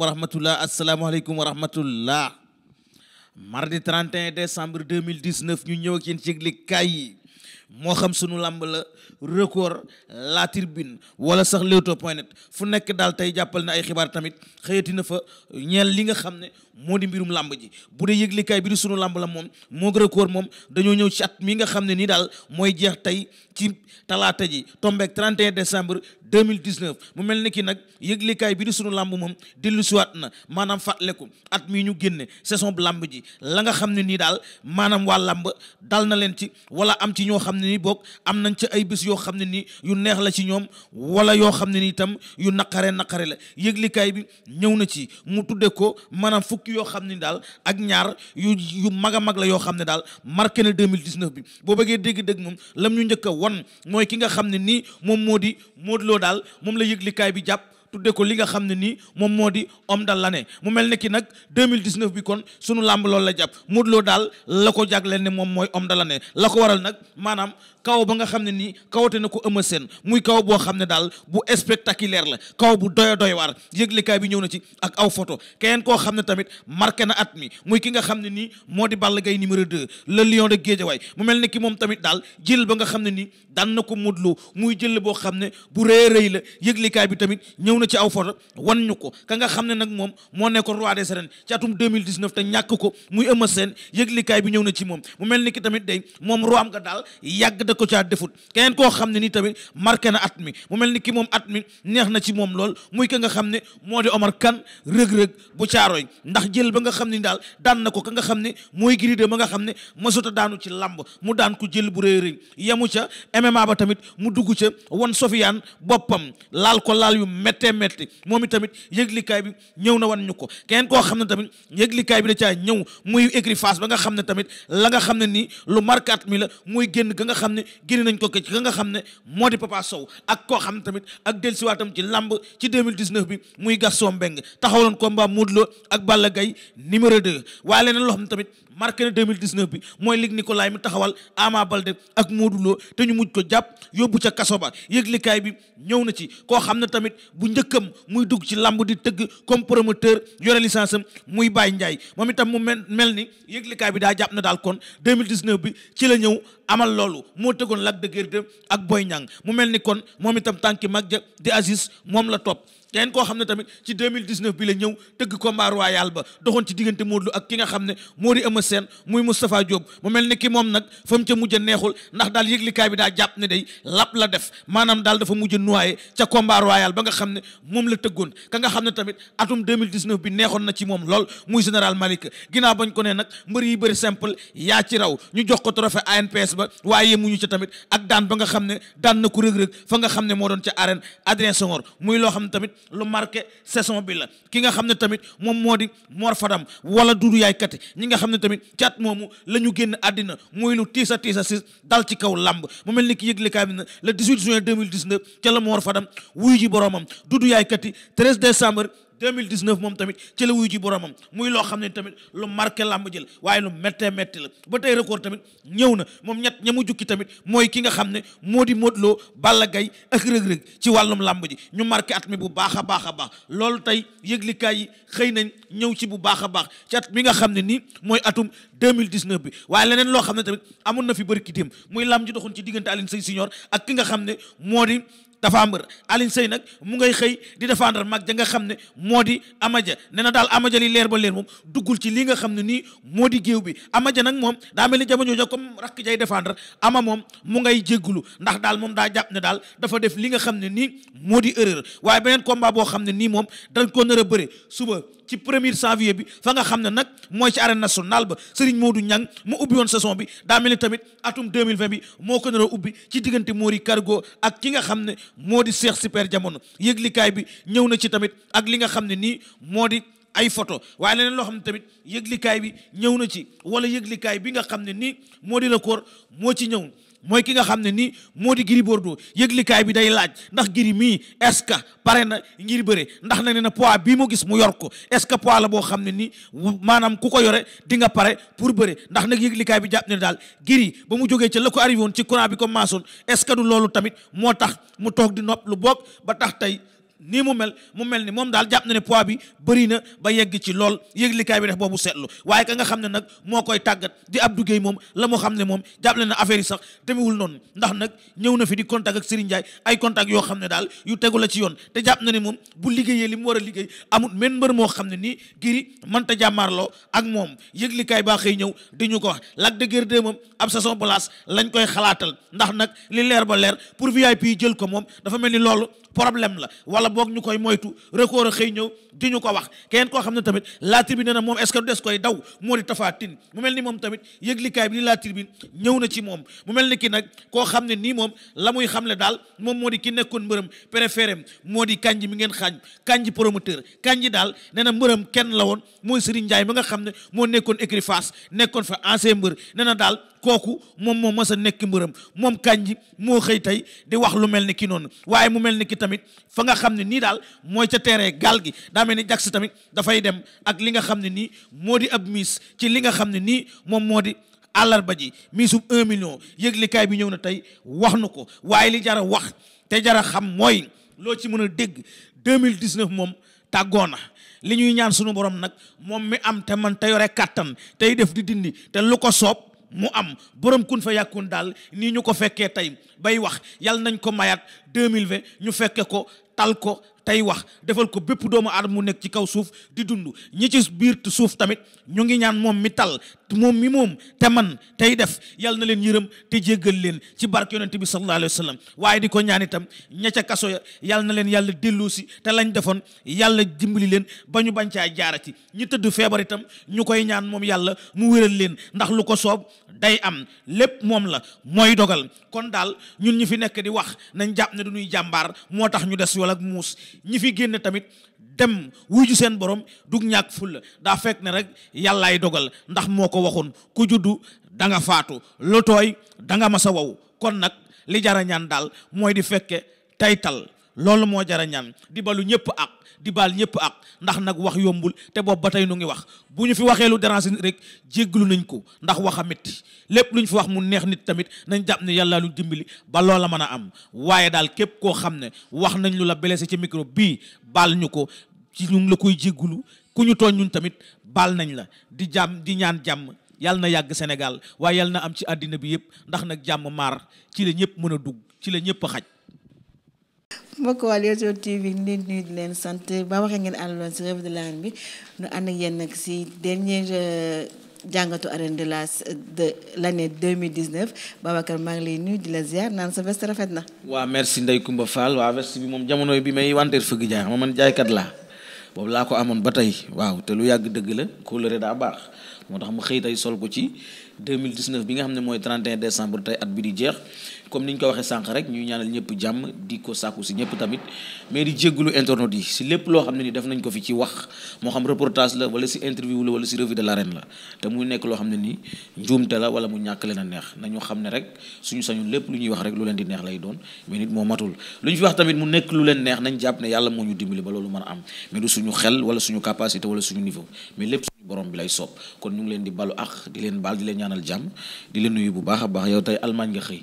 wa rahmatullah asalaamaaleykum wa rahmatullah mardi 31 décembre 2019 ñu ñëw ak yéen ci yëgle kaay yi moo xam sunu làmb la record la tribune wala sax leewtoo point net fu nekk daal tey jàppal na ay xibaar tamit xëyati fa ñeel li nga xam ne moo di mbirum làmb ji bu dee yëglikaay bi di sunu làmb la moom moo record moom dañoo ñëw ci at mi nga xam ne nii daal mooy jeex tey ci talaata ji tombeek 31 décembre 2019 mu mel ni ki nag yëglikaay bi di sunu làmb moom dellu siwaat na maanaam fàttaleku at mii ñu génne saison bu làmb ji la nga xam ne nii daal maanaam waa làmb dal na leen ci wala am ci ñoo xam ne nii boog am nañ ci ay bés yoo xam ne nii yu neex la ci ñoom wala yoo xam ne nii itam yu naqare naqare la yëglikaay bi ñëw na ci fukki yoo xam ne daal ak ñaar yu yu mag a mag la yoo xam ne daal marqué na 2019 bi boo bëggee dégg-dégg moom lam ñu njëkk a won mooy ki nga xam ne nii moom moo di Modou loo daal moom la kaay bi jàpp tudde ko li nga xam ne nii moom moo di homme de l'année mu mel ne ki nag 2019 bi kon sunu làmb loolu la jàpp Modou Lo daal la ko jagleen ne moom mooy homme de l'année la ko waral nag maanaam kaw ba nga xam ne nii kawate na ko Eumeu seen muy kaw boo xam ne daal bu spectaculaire la kaw bu doy doy waar yëglekaay bi ñëw na ci ak aw photo keneen koo xam ne tamit marqué na at mi muy ki nga xam ne nii moo di Balla Gaye numéro 2 le lion de Guédiawaye mu mel ne ki moom tamit daal jël ba nga xam ne nii daan na ko Modou Lo muy jël boo xam ne bu rëy rëy la yëglekaay bi tamit na ci aw foto wan ñu ko ka nga xam ne nag moom moo nekkoon roi des arènes ci atum te ñàkk ko muy Eumeu Sène yëglikaay bi ñëw na ci moom mu mel ni ki tamit day moom roi am daal yàgg da ko caa defut keneen koo xam ne ni tamit marqué na at mi mu mel ni ki moom at mi neex na ci moom lool muy ka nga xam ne moo di Omar Kane ba nga xam ne daal daan na ko ka nga xam ne mooy Gris ba nga xam ne masuta daanu ci lamb mu daan ko jël bu réy réy yamu ca MMA ba tamit mu dugg ca won Sofiane boppam laal ko laal yu métte gënee metti moom itamit yëglikaay bi ñëw na wan ñu ko keneen koo xam ne tamit yëglikaay bi da caa ñëw muy écrit ba nga xam ne tamit la nga xam ne nii lu markaat mi la muy génn ga xam ne génn nañ ko ke ci ga xam ne moo di Papa Sow ak koo xam ne tamit ak dellusiwaatam ci làmb ci 2019 bi muy Gaston Mbengue taxawaloon combat Modou Lo ak Balla Gaye numéro 2 waaye leneen bi mooy Luc Nicolaï mi taxawal Ama Baldé ak Modou Lo te ñu mujj ko jàpp yóbbu ca kaso ba yëglikaay bi ñëw na ci koo xam ne tamit bu jëkkam muy dugg ci lamb di tëgg comme promoteur yore licence muy Baye Ndiaye moom itam mu mel mel ni yëglikaay bi daa jàpp na daal kon 2019 bi ci la ñëw amal loolu moo tëggoon Lac de ak Boy Niang mu mel ni kon moom itam tànki mag ja di Aziz moom la topp keneen koo xam ne tamit ci 2019 bi la ñëw tëgg combat royal ba doxoon ci diggante Modou ak ki nga xam ne moo di Eumeu Sène muy Moustapha Diop mu mel ni ki moom nag fa ca mujj a neexul ndax daal yëglikaay bi daa jàpp ne day lap la def maanaam daal dafa mujj a noyé ca combat royal ba nga xam ne moom la tëggoon ka nga xam ne tamit atum 2019 bi neexoon na ci moom lool muy général Malick ginnaaw bañ ko ne nag mbër yi bër simple yaa ci raw ñu jox ko trophée ANPS ba waaye yemuñu ca tamit ak daan ba nga xam ne daan na ko rëg fa nga xam ne moo doon ca arène Adrien Senghor muy loo ne tamit lu marqué saison bi la ki nga xam ne tamit moom moo di Mor Fadam wala Dudu Yaay Kati ñi nga xam ne tamit caat moomu la ñu génn àddina muy lu tiis a tiis a siis dal ci kaw làmb mu mel ni ki yëglekaay bi na le 18 juin 2019 ca la Mor Fadam wuyu ji boromam Dudu Yaay Kati 13 décembre 2019 moom tamit ci la wuyu ji boromam muy loo xam ne tamit lu marqué làmb jël waaye lu méttee métti la ba tey record tamit ñëw na moom ñett ña jukki tamit mooy ki nga xam ne moo di Modou Lo Balla Gaye ak rëg wàllum làmb ji ñu marqué at bu baax a baax a baax loolu tey yëglikaay yi xëy nañ ñëw ci bu baax a baax ci at mi nga ne nii mooy atum 2019 bi waaye leneen loo xam ne tamit amoon na fi bëri ki dem muy làmb ji doxoon ci diggante Alioune Sèye Senior ak ki nga xam ne moo di dafa mbër Alioune Seye nag mu ngay xëy di défendre mag ja nga xam ne moo di amaja ne na daal amaja li leer ba leer moom duggul ci li nga xam ne nii moo di géew bi amaja nag moom daa mel ni jamono jooja comme rakk jay défendre ama moom mu ngay jéggulu ndax daal moom daa jàpp ne daal dafa def li nga xam ne nii moo di erreur waaye beneen combat boo xam ne nii moom dañ ko nar a bëre suba ci premier janvier bi fa nga xam ne nag mooy ci arène nationale ba Serigne Modou Niang mu ubbi woon saison bi daa mel ni tamit atum 2020 bi moo ko nar a ubbi ci diggante Mori Cargo ak ki nga xam ne moo di Cheikh Super Jamono yëglikaay bi ñëw na ci tamit ak li nga xam ne nii moo di ay photo waaye leneen loo xam ne tamit yëglikaay bi ñëw na ci wala yëglikaay bi nga xam ne nii moo di record moo ci ñëw mooy ki nga xam ne nii moo di Gris Bordeaux yëglikaay bi day laaj ndax giri mii est-ce pare na ngir bëre ndax na ne na poids bii mu gis mu yor ko est-ce que poids la boo xam ne nii maanaam ku ko yore di nga pare pour bëre ndax nag yëglikaay bi jàpp ne daal Gris ba mu jógee ci la ko arrivé woon ci courant bi comme maasoon est-ce que du loolu tamit moo tax mu toog di nopp lu boog ba tax tey nii mu mel mu mel ni moom daal jàpp na ne pois bi bëri na ba yegg ci lool yëglikaay bi def boobu seetlu waaye ka nga xam ne nag moo koy tàggat di ab Guèye moom la moo xam ne moom jàpp na ne affaire yi sax demewul noonu ndax nag ñëw na fi di contact ak Serigne Ndiaye ay contact yoo xam ne daal yu tegu la ci yoon te jàpp na ne moom bu liggéeyee li mu war a liggéey amut men mbër moo xam ne nii giri mënta jàmmaarloo ak moom yëglikaay baa xëy ñëw di ñu ko wax Lac de Guiers 2 moom ab saison place lañ koy xalaatal ndax nag li leer ba leer pour VIP jël ko moom dafa mel ni loolu problème la wala boog ñu koy moytu record a xëy ñëw di ñu ko wax kenn koo xam ne tamit la bi nee na moom est-ce que du des koy daw moo di Tapha mu mel ni moom tamit yëglikaay bi li la tribune ñëw na ci moom mu mel ni ki nag koo xam ne nii moom la muy le daal moom moo di ki nekkoon mbërëm préféré moo di kanji mi ngeen xaañ kanji promoteur kanji daal nee na mbërëm kenn la woon mooy Serigne Ndiaye mi nga xam ne moo nekkoon écurie Fass nekkoon fa ancien mbër nee na daal kooku moom moo mës a nekk mbërëm moom Kandji moo xëy tey di wax lu mel ni ki noonu waaye mu mel ni ki tamit fa nga xam ne nii daal mooy ca terrain gaal gi daa mel ni Jax tamit dafay dem ak li nga xam ne nii moo di ab miis ci li nga xam ne nii moom moo di àllarba ji miisum un million yëglikaay bi ñëw na tey wax na ko waaye li jara wax te jara xam mooy loo ci mën a dégg 2019 moom tàggoo na li ñuy ñaan sunu borom nag moom mi am te man te yore kàttan tey def di dindi te lu ko soob mu am borom kun fa yàkkun daal nii ñu ko fekkee tey bay wax yàlla nañ ko mayaat 2020 ñu fekkee ko tal ko tey wax defal ko bépp doomu aadama mu nekk ci kaw suuf di dund ñi ci biir suuf tamit ñu ngi ñaan moom mi tal moom mi moom te man tey def yal na leen yërëm te jéggal leen ci barke yonente bi sallallahu alayhi wa sallam waaye di ko ñaan itam ña kaso ya yàlla na leen yàlla delloo si te lañ defoon yàlla dimbali leen ba ñu bañ caa jaara ci ñi tëdd feebar itam ñu koy ñaan moom yàlla mu wéral leen ndax lu ko soob day am lépp moom la mooy dogal kon daal ñun ñi fi nekk di wax nañ jàpp ne du ñuy jàmbaar moo tax ñu des ak muus ñi fi génne tamit dem wuju seen borom dug ñàkk fulla daa fekk ne rek yàllaay dogal ndax moo ko waxoon ku juddu danga nga faatu lu tooy da nga masa wow kon nag li jara ñaan daal mooy di fekke taytal loolu moo jara ñaan di balu ñëpp ak di baal ñëpp ak ndax nag wax yombul te boobu ba tey nu ngi wax bu ñu fi waxee lu déranger rek jéggalu nañ ko ndax wax a lépp lu ñu fi wax mun neex nit tamit nañ jàpp ne yàlla lu dimbali baloo la mën a am waaye daal képp koo xam ne wax nañ lu la blessé ci micro bii baal ñu ko ci ñu la koy jéggalu ku ñu tooñ ñun tamit baal nañ la di jàmm di ñaan jàmm yàlla na yàgg senegal waaye yàlla na am ci àddina bi yëpp ndax nag jàmm maar ci la ñëpp mën a dugg ci la ñëpp xaj mbokk waa Leewtoo TV ñu leen nuyu di leen sant ba waxee ngeen àndaloon si revue de l'arène bi nu ànd ak yéen nag si dernier euh, jàngatu de la de l' année 2019 maa ngi lay nuyu di la ziar naan rafet na. waaw merci Ndeye Coumba Fall waaw veste bi moom jamono bi may wanteer fëgg jaay ma man jaaykat la boobu laa ko amoon ba tey waaw te lu yàgg dëgg la kóolare daa baax moo tax ma xëy tey sol ko ci 2019 bi nga xam ne mooy 31 décembre tey at bi di jeex. comme ni ñu ko waxee sànq rek ñuy ñaanal ñëpp jàmm di ko sàkku si ñëpp tamit mais di jéggulu internautes yi si lépp loo xam ne ni def nañ ko fi ci wax moo xam reportage la wala si interview la wala si revue de l'arène la te muy nekk loo xam ne ni njuumte la wala mu ñàkk leen a neex nañu xam ne rek suñu sañu lépp lu ñuy wax rek lu leen di neex lay doon mais nit moo matul lu ñu fi wax tamit mu nekk lu leen neex nañ jàpp ne yàlla moo ñu dimbali ba loolu mën am mais du suñu xel wala suñu capacité wala suñu niveau mais lépp suñu borom bi lay soob kon ñu ngi leen di balu ak di leen baal di leen ñaanal jàmm di leen nuyu bu baax baax yow tey Allemagne nga xëy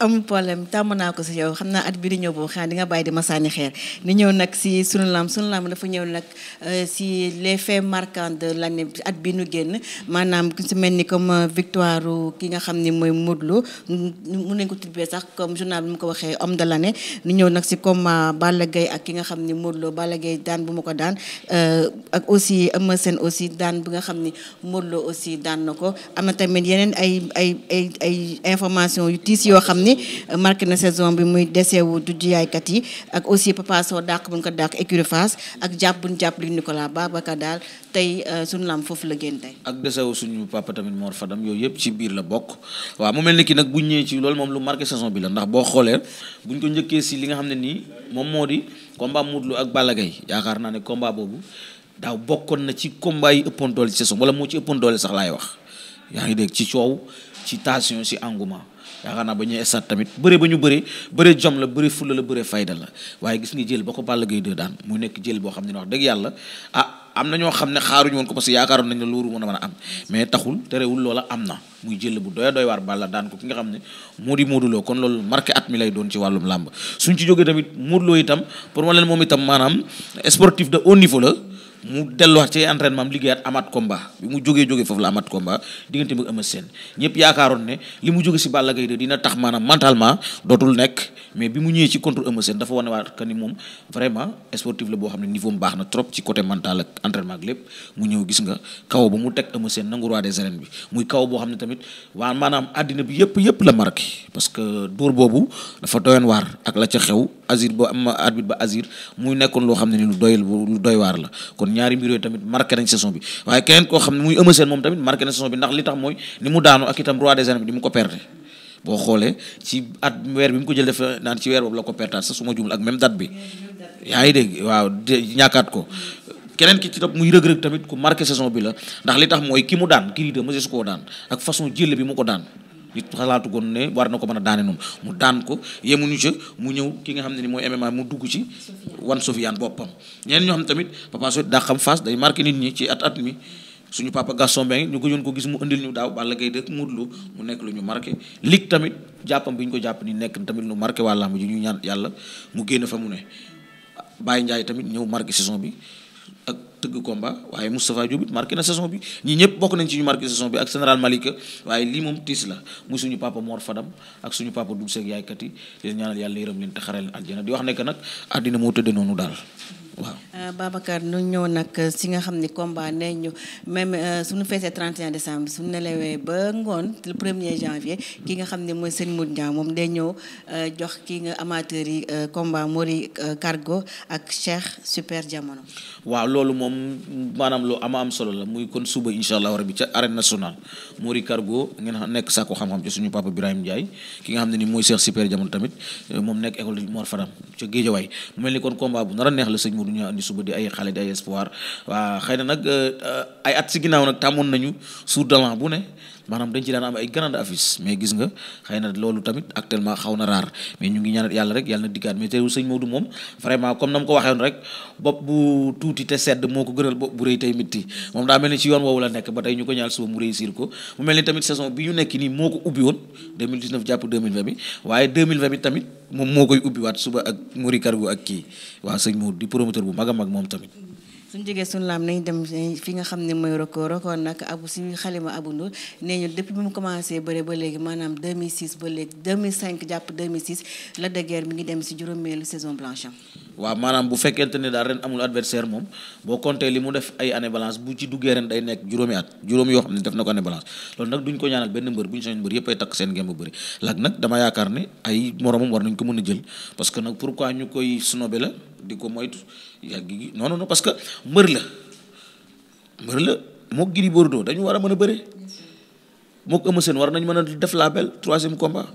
amul problème tàmm naa ko si yow xam naa at bi ñëw boo xam di nga bàyyi di ma sànni xeer di ñëw nag si sunu lam sunu lam dafa ñëw nag euh, si les faits marquants de l'année at bi génn maanaam ku si mel ni comme euh, victoire ki nga xam ni mooy Modou Lo ko tibbee sax comme journal bi mu ko waxee homme de l'année ñu ñëw nag si combat euh, Balla ak ki nga xam ni Modou Lo daan bu ma ko daan ak aussi Eumeu Sène aussi daan bi nga xam ni Modou aussi daan na ko am na tamit yeneen ay ay information yu tiis yoo xam ni euh, na saison bi muy desewu du jiyaaykat yi ak aussi Papa Sow dàq buñ ko dàq écurie Fass ak jàpp buñ jàpp Luc Nicolas Babacar daal tey euh, suñu lam foofu la génn tey. ak desewu suñu papa tamit Mor Fadam yooyu yëpp ci biir la bokk waaw mu mel ni ki nag bu ñëwee ci loolu moom lu marqué saison bi la ndax boo xoolee buñ ko njëkkee si li nga xam ne nii moom moo di combat Modou Lô ak Balla Gaye yaakaar naa ne combat boobu daaw bokkoon na ci kombaay yi ëppoon doole wala moo ci sax laay wax. yaa ngi dégg ci coow ci tension ci engouement yaakaar naa ba ñuy estat tamit bëre ba ñu bëre bëre jom la bëre fulla la bëre fayda la waaye gis nga jël ba ko Balla Gaye 2 daan mu nekk jël boo xam ne wax dëgg yàlla ah, na ñoo xam ne xaaruñu woon ko parce que yaakaaroon nañ ne loolu mën a loola am na muy jël bu doy doy waar Balla daan ko ki nga xam ne moo di Modou kon loolu marqué at mi lay doon ci wàllum làmb suñ ci jógee tamit Modou Lo itam pour ma leen moom itam maanaam sportif de haut niveau la mu delluwaat ci entraînement am liggéeyaat amaat combat bi mu jógee jógee foofu la amaat combat diggante bi Eumeu Sène ñëpp yaakaaroon ne li mu jóge si Balla Gaye de dina tax maanaam mentalement dootul nekk mais bi mu ñëwee ci contre Eumeu Sène dafa wane waat que ni moom vraiment sportif boo xam ne niveau mu baax na ci côté mental ak entraînement lépp mu ñëw gis nga kaw ba mu teg Eumeu Sène nangu roi des bi muy kaw boo xam ne tamit waa maanaam àddina bi yëpp yëpp la marqué parce que dóor boobu dafa doyoon waar ak la ca xew azir ba am arbitre ba azir muy nekkoon loo xam ne ni lu doy lu doy waar la kon ñaari mbir yooyu tamit marqué nañ saison bi waaye keneen koo xam ne muy Eumeu Sène moom tamit marqué nañ saison bi ndax li tax mooy ni xoolee at weer bi mu ko jël def naan ci weer boobu la ko ma jumul ak même date bi yaa ngi waaw ñàkkaat ko keneen ki ci topp muy rëg tamit ku marqué saison bi la ndax li tax mooy ki mu daan kii de mësu koo daan ak façon jël bi mu ko daan nit xalaatu goon ne war na ko mën a daane noonu mu daan ko yemuñu ca mu ñëw ki nga xam ne ni mooy MMA mu dugg ci wan Sofiane boppam ñeen ñoo xam tamit Papa Sow daa xam face day marqué nit ñi ci at at mi suñu papa Gaston Mbengue ñu ko gëjoon ko gis mu indil ñu daaw Balla Gaye mu Modou Lo mu nekk lu ñu marqué lig tamit jàppam bi ñu ko jàpp ni nekk tamit lu marqué waa làmb ju ñu ñaan yàlla mu génn fa mu ne Baye Ndiaye tamit ñëw marke saison bi ak tëgg combat waaye Moustapha Diop it marqué na saison bi ñii ñëpp bokk nañ ci ñu marqué saison bi ak général Malika waaye lii moom tiis la muy suñu papa moor Fadam ak suñu papa Dul Seeg yaaykat yi di ñaanal yàlla yërëm leen te xaral leen aljana di wax nekk nag àddina moo tëddee noonu daal waaw euh, Babacar ñu ñëw nag si nga xam ni combat nee ñu même euh, suñu feesee 31 décembre suñu nelawee ba ngoon le premier janvier ki nga xam ne mooy sëñ Mour Ndiaye moom day ñëw euh, jox ki nga amateur yi combat Mori Cargo ak Cheikh Super Jamono. waaw loolu moom maanaam lu am am solo la muy kon suba incha allah rabi ca arène nationale Mori Cargo ngeen nekk saako xam-xam ci suñu papa Ibrahima Ndiaye ki nga xam ne ni mooy Cheikh Super Jamono tamit moom nekk école Mor Fadam ca Guédiawaye mel ni kon combat bu nar a neex la sëñ Mour du ñu suba di ay xale di ay espoir waa xëy na nag euh, euh, ay at si ginnaaw nag tàmmoon nañu suur dalan bu ne maanaam dañ ci daan am ay grandes affiches mais gis nga xëy na loolu tamit actuellement xaw na raar mais ñu ngi ñaanal yàlla rek yàlla na diggaat mais teewul sëñ moom vraiment comme na ma ko waxeewoon rek bopp bu tuuti moo ko gënal bopp bu rëy tey mitti moom daa mel ni ci yoon woowu la nekk ba tey ñu ko ñaal suba mu réussir ko mu mel ni tamit saison bi ñu nekk nii moo ko ubbi woon 2019 jàpp 2020 bi waaye 2020 bi tamit moom moo koy ubbiwaat suba ak Mori Cargo ak kii waa sëñ Maodo di promoteur bu mag a mag moom tamit suñ jógee suñu laam nañ dem fi nga xam ne mooy record record nag abu si xalima abu ndur nee ñu depuis mu commencé bëre ba léegi maanaam ba léegi 2005 jàpp 2006 ngi dem si juróomeelu saison blanche am waaw maanaam bu fekkente ne daal ren amul adversaire moom boo compté li mu def ay année balance bu ci duggee ren day nekk juróomi at juróomi yoo xam ne def na ko année balance loolu nag duñ ko ñaanal benn mbër bu ñu mbër yëpp ay takk seen ngëm bu di ko moytu yàgg gi non non non parce que mbër la mbër la mook Gris Bordeaux dañu war a mën a bëre moo Eumeu Sène war nañ mën a def la troisième combat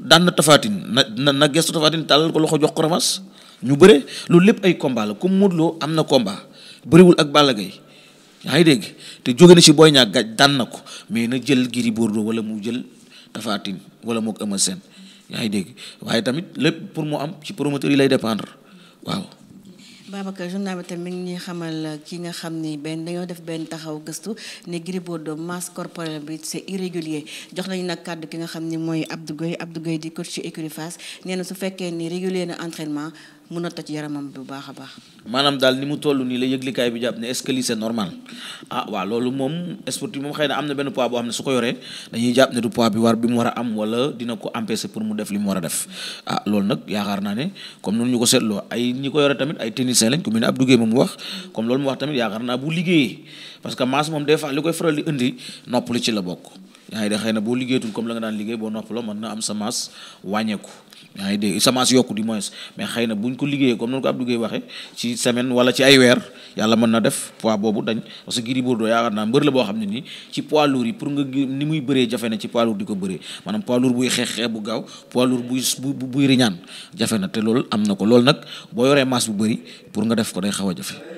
daan na tafaatin na na na gestu tàllal ko loxo jox ko ramas ñu bëre loolu lépp ay combat la comme Modou Lo am na komba bëriwul ak Balla Gaye yaa ngi dégg te jóge na ci Boy Niang gaj daan na ko mais na jël Gris Bordeaux wala mu jël tafaatin wala moo Eumeu Sène yaa ngi dégg waaye tamit lépp pour mu am ci promoteur yi lay dépendre waaw. Babacar journal bi tamit mi ngi ñuy xamal ki nga xam ni benn dañoo def benn taxaw gëstu ne Gris Bordeaux masse corporelle bi c'est irrégulier jox nañu nag kàddu ki nga xam ni mooy Abdou Gueye Abdou Gueye di coach ci écurie Fass nee na su fekkee ni régulier na entrainement mun a toj yaramam bu baax a baax. maanaam daal ni mu toll nii la yëglikaay bi jàpp ne est-ce que lii c'est normal ah waaw loolu moom sportif moom xëy na am na benn poids boo xam ne su ko yoree dañuy jàpp ne du poids bi mu war a am wala dina ko empêcher pour mu def li mu war a def ah loolu nag yaakaar naa ne comme noonu ñu ko seetloo ay ñi ko yore tamit ay techniciens lañ ku mel ne Abdou Guèye moom mu wax comme loolu mu wax tamit yaakaar naa bu liggéeyee parce moom des fois li koy faral di la bokk. yaa ngi de xëy na boo liggéeyatul comme la nga daan liggéey boo noppaloo mën na am sa masse wàññeeku yaa ngi dégg sa masse yokku du moins mais xëy na buñ ko liggéeyee comme noonu ko Abdou waxee ci semaine wala ci ay weer yàlla mën na def poids boobu dañ parce que Gris yaa yaakaar naa mbër la boo xam ne nii ci poids lourd yi pour nga ni muy bëree jafe na ci poids lourd di ko bëree maanaam poids lourd buy xeex xeex bu gaaw poids lourd buy buy riñaan jafe na te loolu am na ko loolu nag boo yoree masse bu bëri pour nga def ko day xaw a jafe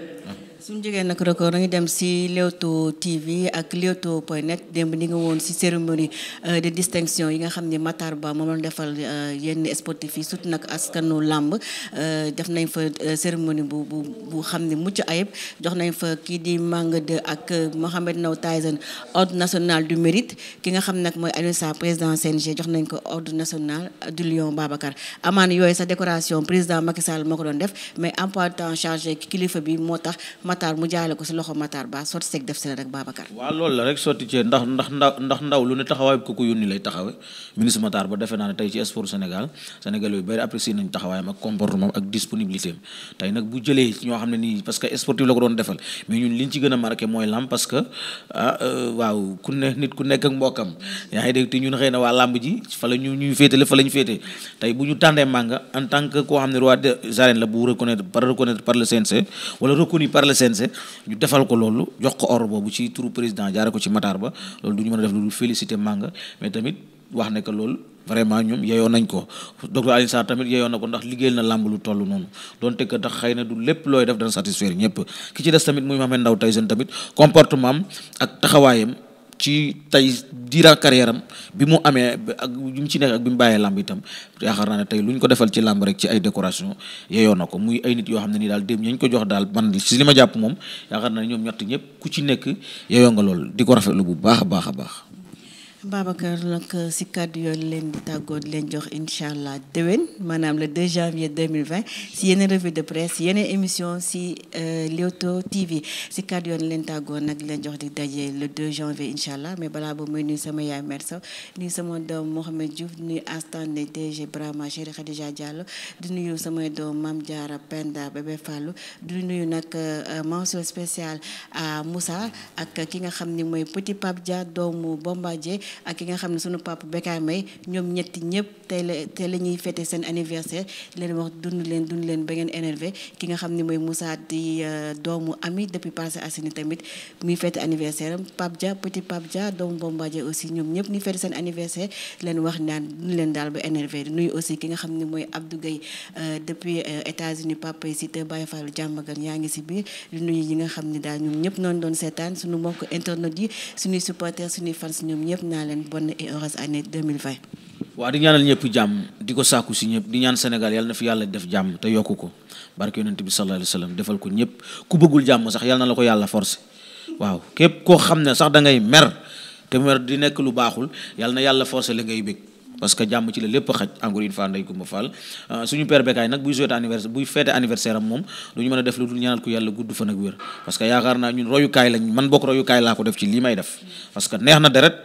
suñu jógee nag record dañuy dem si Leewtoo TV ak Leewtoo point net démb ni nga woon si cérémonie euh, de distinction yi nga xam ne Matar Ba moom la defal euh, yenn sportif yi surtout nag askanu làmb euh, def nañ fa cérémonie bu bu bu xam ne mucc ayib jox nañ fa kii di màng 2 ak Mohamed Ndao Tyson ordre national du mérite ki nga xam nag mooy Alioune Sarr président CNG jox nañ ko ordre national du Lion Babacar amaan yooyu sa décoration président Macky Sall moo ko doon def mais Matar mu jaale ko si loxo Matar ba sotti seeg def si la rek Babacar. waaw loolu la rek sotti cee ndax ndax ndaw ndax ndaw lu ne taxawaay ko ko yónni lay taxawe ministre Matar ba defe naa ne tey ci sport Sénégal Sénégal yu bëri apprécié nañu taxawaayam ak comportement ak disponibilité am tey nag bu jëlee ñoo xam ne nii parce que sportif la ko doon defal mais ñun liñ ci gën a marqué mooy lamb parce que ah euh, waaw ku ne nit ku nekk ak mbokkam yaa ngi dégg te ñun xëy na waa lamb ji fa la ñu ñuy féetale fa la ñu féete tey bu ñu tàndee mànga en tant que koo xam ne roi des arènes la bu reconnaître par reconnaître par le CNC wala reconnu par le CNC CNG ñu defal ko loolu jox ko or boobu ci turu président jaare ko ci Matar Ba loolu du ñu mën a def lu félicité Manga mais tamit wax ne loolu vraiment ñoom yeyoon nañ ko docteur Alioune Sarr tamit yeyoon na ko ndax liggéeyal na làmb lu toll noonu donte que tax xëy na du lépp looy def dana satisfaire ñëpp ki ci des tamit muy Mame Ndao Tyson tamit comportement ak taxawaayam. ci tey diira carrière am bi mu amee ak bi mu ci nekk ak bi mu bàyyee làmb itam yaakaar naa ne tey lu ñu ko defal ci làmb rek ci ay décoration yeyoo na ko muy ay nit yoo xam ne nii daal démb ñañ ko jox daal man si li ma jàpp moom yaakaar naa ne ñoom ñett ñëpp ku ci nekk yeyoo nga lool di ko rafetlu bu baax a baax a baax Babacar nag euh, si kàddu yooyu leen di tàggoon leen jox incha allah déwén maanaam le 2 janvier 2020 si yeneen revue de presse yeneen émission si euh, Leewtoo TV si kàddu yoon leen tàggoon nag leen jox di daje le 2 janvier incha allah mais balaa boobu mooy nuyu sama yaay Mère Sow sama doom Mohamed Diouf di nuyu Astane DG Brahma Chéri Khadija Diallo di nuyu samay doom mam Diarra Penda Bébé Fallou di nuyu nag euh, mention spéciale à Moussa ak ki nga xam ni mooy Petit Pape Dia doomu Bombardier ak ki nga xam ne sunu papa Bécaye Mbaye ñoom ñetti ñëpp tey la tey la ñuy fêté seen anniversaire leen wax dund leen dund leen ba ngeen énervé ki nga xam ne mooy Moussa di euh, doomu ami depuis passé asini tamit muy fêté anniversaire am Pape Dia petit Pape Dia doomu Bombardier aussi ñoom ñëpp ni fêté seen anniversaire leen wax naan leen daal ba énervé nuyu aussi ki nga xam ne mooy Abdou Gueye euh, depuis euh, États-Unis papa yi si te Baye Fallou jàmbagan yaa ngi si biir lu nuy yi nga xam ne daal ñoom ñëpp noonu doon seetaan suñu mbokk internet yi suñuy supporters suñuy fans ñoom ñëpp naa leen bonne et heureuse année 2020. waaw di ñaanal ñëpp jàmm di ko sàkku si ñëpp di ñaan Sénégal yàlla na fi yàlla def jàmm te yokku ko barke yonent bi sallallahu alayhi sax yàlla na la ko yàlla forcé waaw képp koo xam ne sax da ngay mer te mer di nekk lu baaxul yal na yàlla forcé la ngay bëgg parce que jàmm ci la lépp xaj encore une fois ndey Kumba Fall euh, suñu père Bécaye nag buy souhaité anniversaire buy fêté anniversaire am moom du ñu mën a def lu dul ñaanal ko yàlla gudd fan ak wér parce que yaakaar naa ñun may def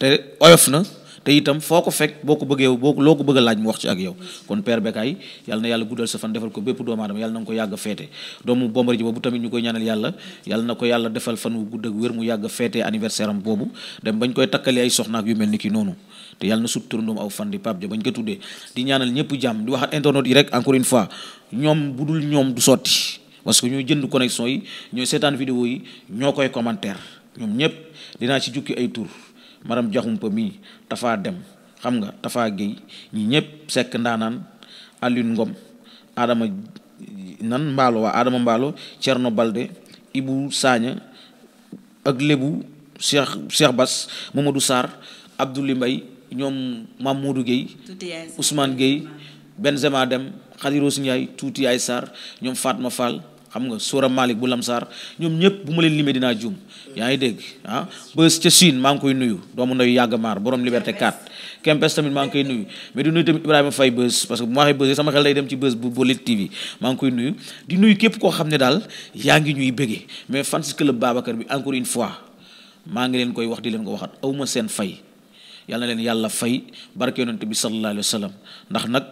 te oyof na te itam foo ko fekk boo ko bëggee boo loo ko bëgga laaj mu wax ci ak yow kon père Bécaye yàlla na yàlla guddal sa fan defal ko bépp doomu aadama yàlla na nga ko yàgg a feete doomu Bombardier boobu tamit ñu koy ñaanal yàlla yàlla na ko yàlla defal fan wu gudd ak wér mu yàgg a feete anniversaire am boobu dem bañ koy takkali ay soxnaak yu mel ni ki noonu te yàlla na sut turandoom aw fan di Pape bañ ko tuddee di ñaanal ñëpp jàmm di wax internet yi rek encore une fois ñoom bu dul ñoom du sotti parce que ñooy jënd connexion yi ñooy seetaan vidéo yi ñoo koy commentaire ñoom ñëpp dinaa ci jukki ay tour maram jaxumpa mi dafa dem xam nga tafaa géy ñi ñëpp sekk ndaanaan Alioune Ngom Adama nan mbaalo waa Adama mbaalo Thierno Balde Ibou Sagna ak lébu Cheikh Cheikh Bass Mamadou Sarr Abdoulaye mbay ñoom Mamadou Gueye Ousmane Gueye Benzema Deme Khady Rose Ndiaye tuuti ay Sarr ñoom Fatma Fall xam nga Sora Malick bu Lamsaar ñoom ñëpp bu ma leen limee dinaa juum yaa ngi dégg ah ca Chine maa ngi koy nuyu doomu ndoyu yàgg maar borom Liberté 4 Kempes tamit maa ngi koy nuyu mais di nuyu tamit Ibrahima Faye bés parce que bu ma dem ci bés bu Bolit TV maa ngi koy nuyu di nuyu képp koo xam ne daal yaa ngi ñuy bëggee mais fan si club Babacar bi encore une fois maa ngi leen koy wax di leen ko waxat awma seen fay yàlla leen yàlla fay barke yonent bi sallallahu alayhi wa ndax nag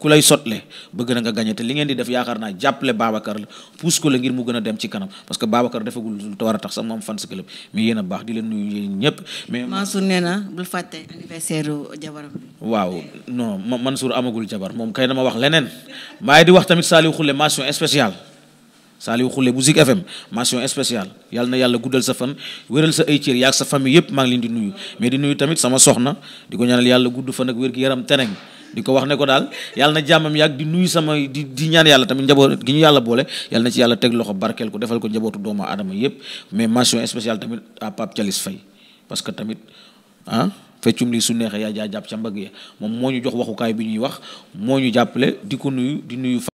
ku lay sotle bëgg na nga gagné te li ngeen di def yaakaar naa jàppale Babacar la pousse ko la ngir mu gën a dem ci kanam parce que Babacar defagul lu a tax sax mu am fans club mais yéen a baax di leen nuyu yéen ñëpp. mais Mansour nee na bul fàtte anniversaire jabaram. waaw non Mansour amagul jabar moom kay dama wax leneen maay di wax tamit Saliou Khoule mention spéciale. Saliou Khoule bu Zik FM mention spéciale yàlla na yàlla guddal sa fan wéral sa ay cër yaag sa famille yëpp maa ngi leen di nuyu mais di nuyu tamit sama soxna di ko ñaanal yàlla gudd fan ak wér gi yaram tereng di ko wax ne ko daal yàlla na jàmmam yàgg di nuyu sama di di ñaan yàlla tamit njaboot gi ñu yàlla boole yàlla na ci yàlla teg loxo barkeel ko defal ko njabootu doomu aadama yépp mais mention spéciale tamit à Pape Thialis fay parce que tamit ah feccum lii su neexee yaa jaa jàpp ca mbagg ya moom moo ñu jox waxukaay bi ñuy wax moo ñu jàppale di ko nuyu di nuyu